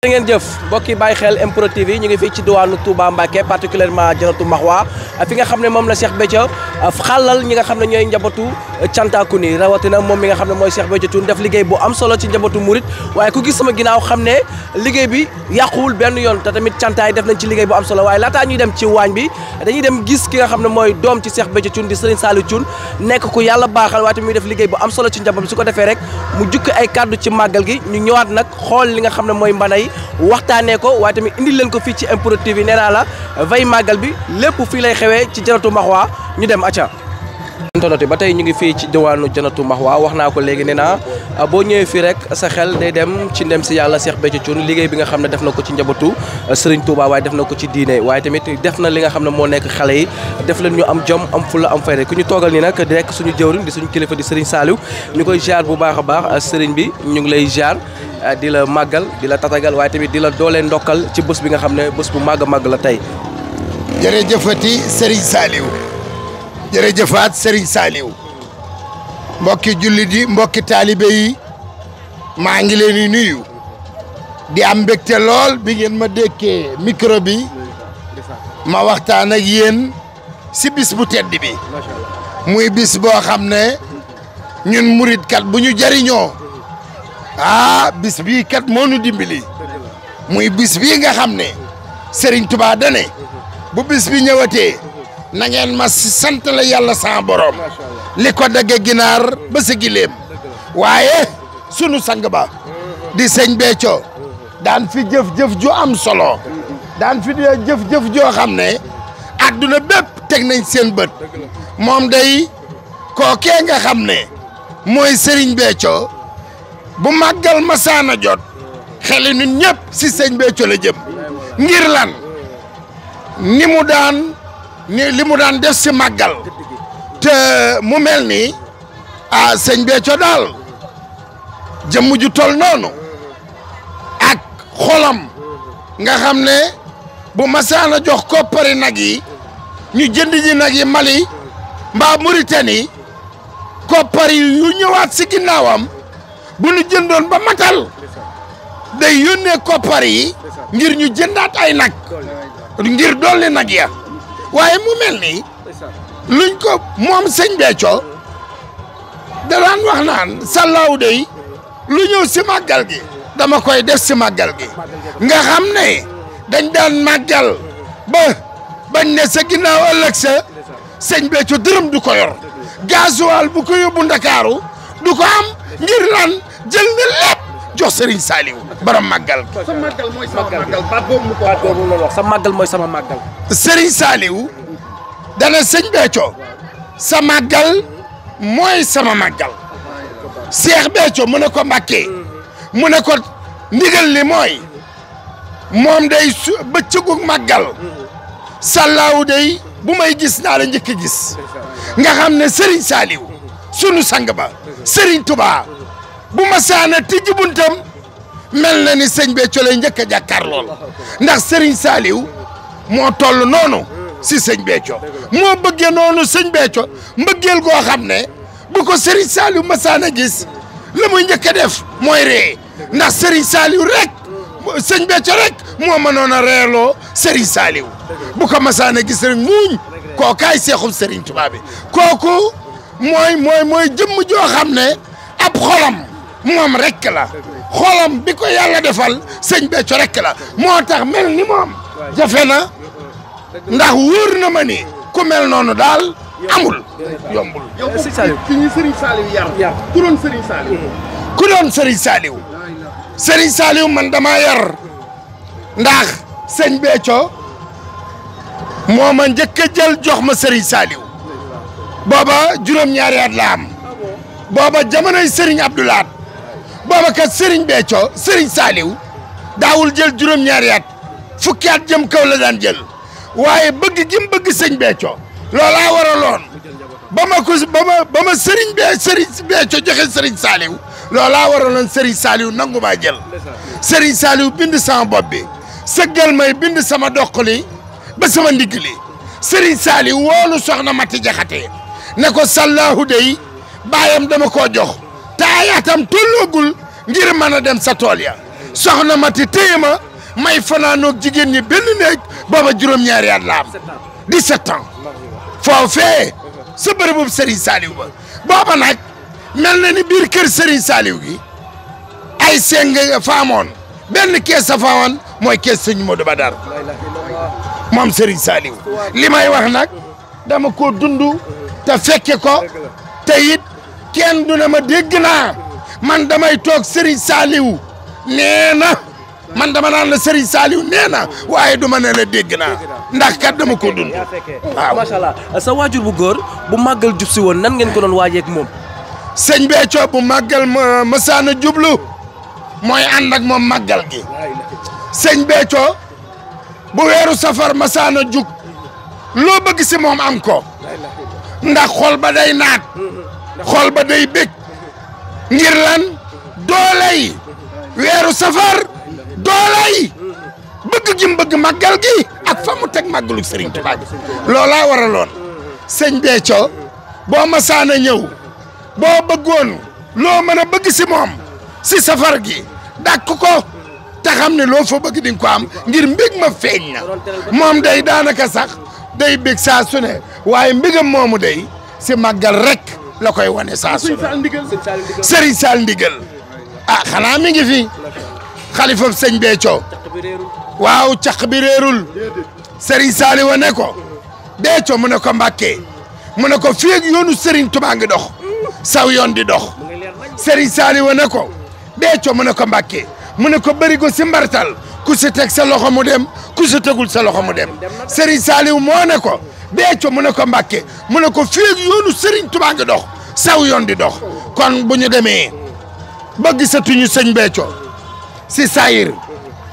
jërë ngeen jëf mbokki bàyyi xel MPROD TV ñu ngi fi ci diwaanu Touba Mbacké particulièrement Janatu Mahwa fi nga xam ne moom la Cheikh Béthio ah, xàllal ñi nga xam ne ñooy njabootu cantaakun yi rawatina moom mi nga xam ne mooy Cheikh Béthio Thioune def liggéey boo am solo ci njabootu murit waaye ku gis sama ginnaaw xam ne liggéey bi yàquwul benn yoon te tamit cantaay def nañ ci liggéey bu am solo waaye laataa ñuy dem ci waañ bi dañuy dem gis ki nga xam ne mooy doom ci Cheikh Béthio Thioune di Serigne Saliou Thioune nekk ku yàlla baaxal waaye tamit muy def liggéey bu am solo ci njaboot bi su ko defee rek mu jukk ay kàddu ci màggal gi ñu ñëwaat nag xool li nga xam ne mooy mbana yi waxtaanee ko waaye tamit indil leen ko fii ci MPROD TV nee naa màggal bi lépp fii lay xewee ci jaratu maxwaa ñu dem acca internet ba tey ñu ngi fii ci diwaanu Janatu waa wax naa ko léegi nee naa ah, boo ñëwee fii rek sa xel day dem ci ndem si yàlla Cheikh Béthio Thioune liggéey bi nga xam ne def na ko ci njabootu ah, Serigne Touba waaye def na ko ci diine waaye tamit def na li nga xam ne moo nekk xale yi def leen ñu am jom am fulla am fayda ku ñu toogal nii nag di rek suñu jëwriñ di suñu kilifa di Serigne Saliou ñu koy jaar bu baax a baax ah, sëriñ bi ñu ngi lay jaar di la màggal di la tatagal waaye tamit di la doolee ndokkal ci bés bi nga xam ne bés bu màgg màgg la tey jërëjëfati Serigne Saliou jërëjëfaat Serigne Saliou mbokki jullit yi mbokki taalibe maa ngi leen di nuyu di am mbégte lool bi ngeen ma dékkee micro bi ma waxtaan ak yéen si bis bu tedd bi muy bis boo xam ne ñun murit kat bu ñu jariñoo ah bis bii kat moo nu dimbali muy bis bii nga xam ne Serigne Touba dane bu bis bi ñëwatee na ma sant la yàlla sa borom li ko dagge ginaar ba si waaye sunu sang ba di sëñ Béthio daan fi jëf-jëf ju am solo daan fi jëf-jëf joo xam ne adduna bépp teg nañ seen bët moom day kookee nga xam ne mooy sëriñ Béthio bu màggal masaana jot xeli nun si sëñ Béthio la jëm ngir lan ni mu daan ni li mu daan def si màggal te mu mel nii ah sëñ Béthio daal jëmm ju tol noonu ak xolam nga xam ne bu masaana jox koppari nag yi ñu jënd ji nag yi Mali mbaa Mauritanie koppari yu ñëwaat si ginnaawam bu ñu jëndoon ba matal day yónnee koppar yi ngir ñu jëndaat ay nag ngir dolli nag ya waaye mu mel nii luñ ko moom sëñ Béthio da daan wax naan sallaaw dey lu ñëw si màggal gi dama koy def si màggal gi nga xam ne dañ daan màggal ba bañ ne sa ginnaaw ëllëg sa sëñ Béthio dërëm du ko yor bu ko yóbbu Ndakaaru du ko am ngir lan jël na lépp jox Serigne Saliou borom màggal gi. sa màggal mooy sa dana sëñ Béthio sa màggal mooy sama màggal. Cheikh Béthio mu ne ko Mbàkke mu ne ko ndigal li mooy moom day su bëccëgu màggal sàllaawu day bu may gis naa la njëkk gis nga xam ne Serigne Saliou sunu sang ba Serigne Touba. bu ma saana tijji mel na ni sëñ bee colay njëkk a jàkkaar lool ndax sëriñ saaliw moo toll noonu si sëñ Béthio moo bëggee noonu sëñ Béthio mbëggeel goo xam ne bu ko Serigne Saliou masaan a gis la muy njëkk a def mooy ree ndax Serigne Saliou rek sëñ Béthio rek moo mënoon a reeloo Serigne Saliou bu ko masaan a gis rek muuñ kookaay seexum Serigne Touba kooku mooy mooy mooy jëmm joo xam ne ab xolam moom rek la bi ko yàlla defal sëñ Béthio rek moo tax mel ni moom jafe na ndax wóor na ma ni ku mel noonu daal amul yombul. ku doon Serigne Saliou. Mm. ku doon man dama yar ndax sëñ Béthio moo ma njëkk a jox ma Serigne Saliou booba juróom-ñaari at la am booba jamonoy Serigne Abdoulaat booba kat Serigne Béthio Serigne Saliou daawul jël juróom-ñaari at fukki at jëm kaw la daan jël waaye bëgg gi mu bëgg sëñ Béthio loolaa waraloon ba ma ko ba ma ba ma Serigne waraloon Serigne Saliou nangu maa jël Serigne Saliou bind sama bopp bi sëggal may bind sama doqali ba sama ndigg li Serigne Saliou woolu soxna Mati Jaxate ne ko sallaahu dey baayam dama koo jox te ay atam tolloogul ngir mën a dem sa tool ya soxna mati téye ma may fanaanoog jigéen ñi benn néeg booba juróom-ñaari at la am 17 ans foofee sa bërëbub Serigne Saliou ba booba nag mel na ni biir kër Serigne Saliou gi ay seng faamoon benn kees sa faamoon mooy kees sëñ Modou Badar moom Serigne Saliou li wax nag dama ko dund te fekke ko te it kenn du ne ma dégg naa man damay toog Serigne Saliou nee man dama naan la Serigne Saliou nee waaye du ma ne la dégg naa ndax kat dama ko dund. waaw macha sa waajur bu góor bu màggal jub si woon nan ngeen ko doon waajee ak moom. sëñ Béthio bu màggal ma masaana jublu mooy ànd moom màggal gi sëñ Béthio bu weeru safar masaana jug loo bëgg si moom am ko ndax xol ba day naat. xool ba day bég ngir lan doolay weeru safar doolay bëgg gi mu bëgg gi ak fa mu teg màggalu Serigne Touba gi loolaa waraloon sëñ Béthio boo masaana ñëw boo bëggoon loo mën a bëgg si moom si safar gi dàkk ko te xam ne loo fa bëgg di ko am ngir mbég ma feeñ na moom day daanaka sax day bég saa ne waaye mbégam moomu day si màggal rek la wane saa su Serigne Sall Ndigal ah xanaa mi ngi fi xalifa sëñ Béthio waaw caq bi réerul Serigne Sall wa ne ko Béthio mu ne ko Mbàkke mu ne ko fii ak yoonu Serigne Touba ngi dox saw yoon di dox Serigne Sall wa ko Béthio mu ne ko Mbàkke mu ne ko bëri ko si mbartal ku si teg sa loxo mu dem ku si tegul sa loxo mu dem Serigne Saliou moo ne ko Béthio mu ne ko Mbàkke mu ne ko fii ak yoonu Serigne dox saw yoon di dox kon bu ñu demee ba gisatuñu sëñ Béthio si saayir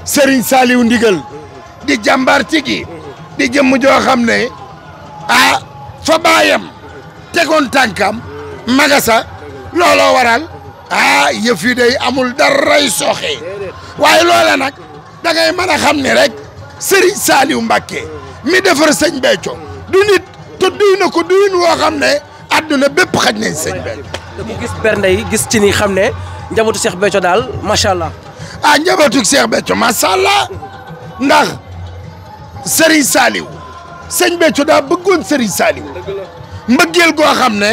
Serigne Saliou ndigal di jàmbaar ci gi di jëmm joo xam ne ah fa baayam tegoon tànkam magasa looloo waral ah yëf amul daray sooxee waaye loola nag da ngay mën a xam ne rek Serigne Saliou Mbàkke mi defar sëñ Béthio du nit te duy na ko duyin woo xam ne àdduna bépp xaj nañ sëñ bi. dama gis bernde yi gis ci ni xam ne njabootu seex Béthio daal macha allah. ah njabootu seex Béthio macha allah ndax Serigne Saliou sëñ Béthio daa bëggoon Serigne Saliou mbëggeel goo xam ne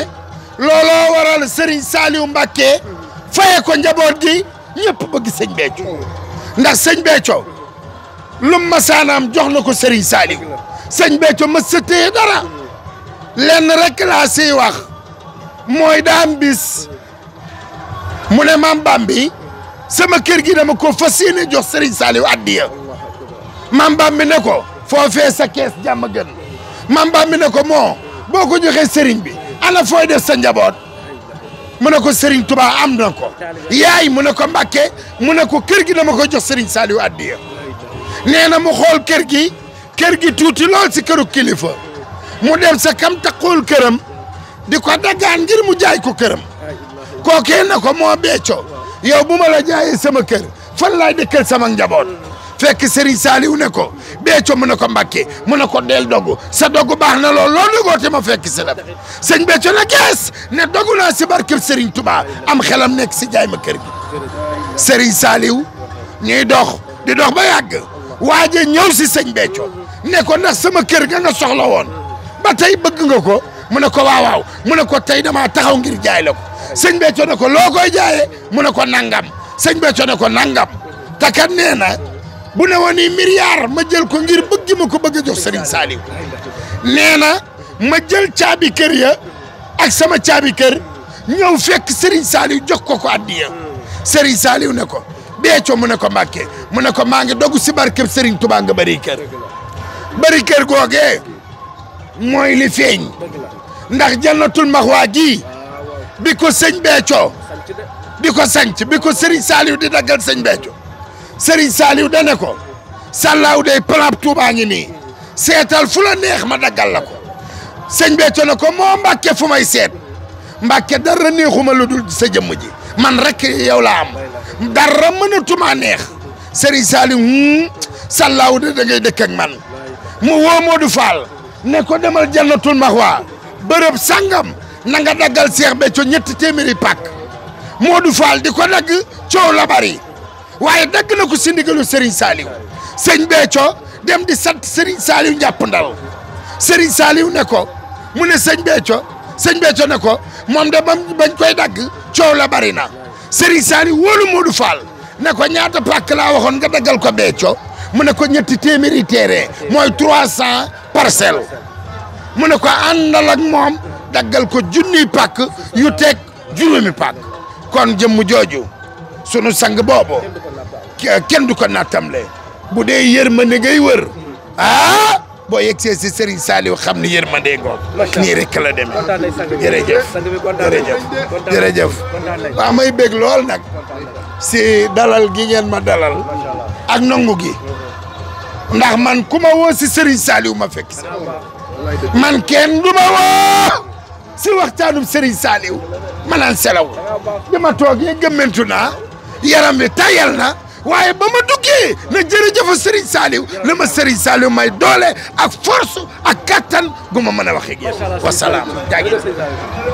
looloo waral Serigne Saliou Mbacké faye ko njaboot gi ñëpp bëgg sëñ Béthio ndax sëñ Béthio lum masaanaam jox na ko Serigne Saliou. sëñ Béthio ma sëtee dara lenn rek laa siy wax mooy daam bis mu ne maam Bambi sama kër gi dama ko fas yéene jox Serigne Saliou addiya maam Bambi ne ko foofee sa kees jàmm gën maam Bambi ne ko moo boo ko joxee Serigne bi ana fooy de sa njaboot mu ne ko sëriñ Touba am na ko yaay mu ne ko Mbacke mu ne ko kër gi dama ko jox Serigne Saliou addiya nee na mu xool kër gi. kër gi tuuti lool si këru kilifa mu dem sa kam taqul këram di ko daggaan ngir mu jaay ko këram kookee na ko moo beeco yow bu ma jaayee sama kër fan laay dëkkal sama njaboot fekk Serigne Saliou ne ko beeco mu ne ko Mbàkke mu ne ko del dogu sa dogu baax na lool loolu dogoo te ma fekk si la sëñ beeco na gees ne dogu naa si barkeb Serigne Touba am xelam nekk si jaay ma kër gi Serigne Saliou ñuy dox di dox ba waaje ñëw si sëñ beeco ne ko ndax sama kër nga nga soxla woon ba tey bëgg nga ko mu ne ko waawaaw mu ne ko tey damaa taxaw ngir jaay la ko sëñ Béthio ne ko loo koy jaayee mu ne ko nangam sëñ Béthio ne ko nangam te kat bu ne woon ni milliard ma jël ko ngir bëgg ma ko bëgg a jox Serigne Saliou nee na ma jël caabi kër ya ak sama caabi kër ñëw fekk Serigne Saliou jox ko ko addiya Serigne Saliou ne ko Béthio mu ne ko Mbàkke mu ne ko maa ngi dogu si barkeb Serigne Touba nga bëri kër. bari kër googee mooy li feeñ ndax jannatul maxwaa ji bi ko sëñ Béthio di ko sanc bi ko Serigne Saliou di daggal sëñ Béthio Serigne Saliou da ne ko sàllaaw day palaab Tuubaa ngi nii seetal fu la neex ma daggal la ko sëñ Béthio ne ko moo Mbàkke fu may seet Mbàkke dara neexuma lu dul sa jëmm ji man rek yow la am dara mënatumaa neex Serigne Saliou hmm, sàllaaw da ngay dëkk ak man mu woo Modou Fall ne ko demal jannatul maxwa bërëb sangam na nga daggal Cheikh Béthio ñetti téeméeri pàkk Modou Fall di ko dagg coow la bari waaye dagg na ko si ndigalu Serigne Saliou sëñ Béthio dem di sant Serigne Saliou njàpp ndal Serigne saliw ne mu ne sëñ Béthio sëñ Béthio ne ko moom de bañ koy dagg coow la bari na Serigne Saliou wóolu Modou Fall ne ko ñaata pàkk la waxoon nga daggal ko Béthio mu ne ko ñetti téeméeri téere mooy trois cent parcelles mu ne ko àndal ak moom daggal ko junniy pàkk yu teg juróomi pàkk kon jëmm jooju sunu sang boobu kenn du ko le bu dee yërmande ngay wër ah boo yegsee si Serigne Saliou xam ni yërmande ngoog nii rek la demee jërëjëf jërëjëf jërëjëf waaw may bég lool nag si dalal gi ngeen ma dalal ak nangu gi ndax man ku ma woo si Serigne Saliou ma fekk si man kenn du ma woo si waxtaanum Serigne Saliou ma naan selaw bi ma toogee gëmmentu naa yaram wi tayal na waaye ba ma duggee na jërëjëf Serigne Saliou la ma Serigne Saliou may doole ak force ak kattan gu ma mën a waxee ak yéen wasalaam jaagee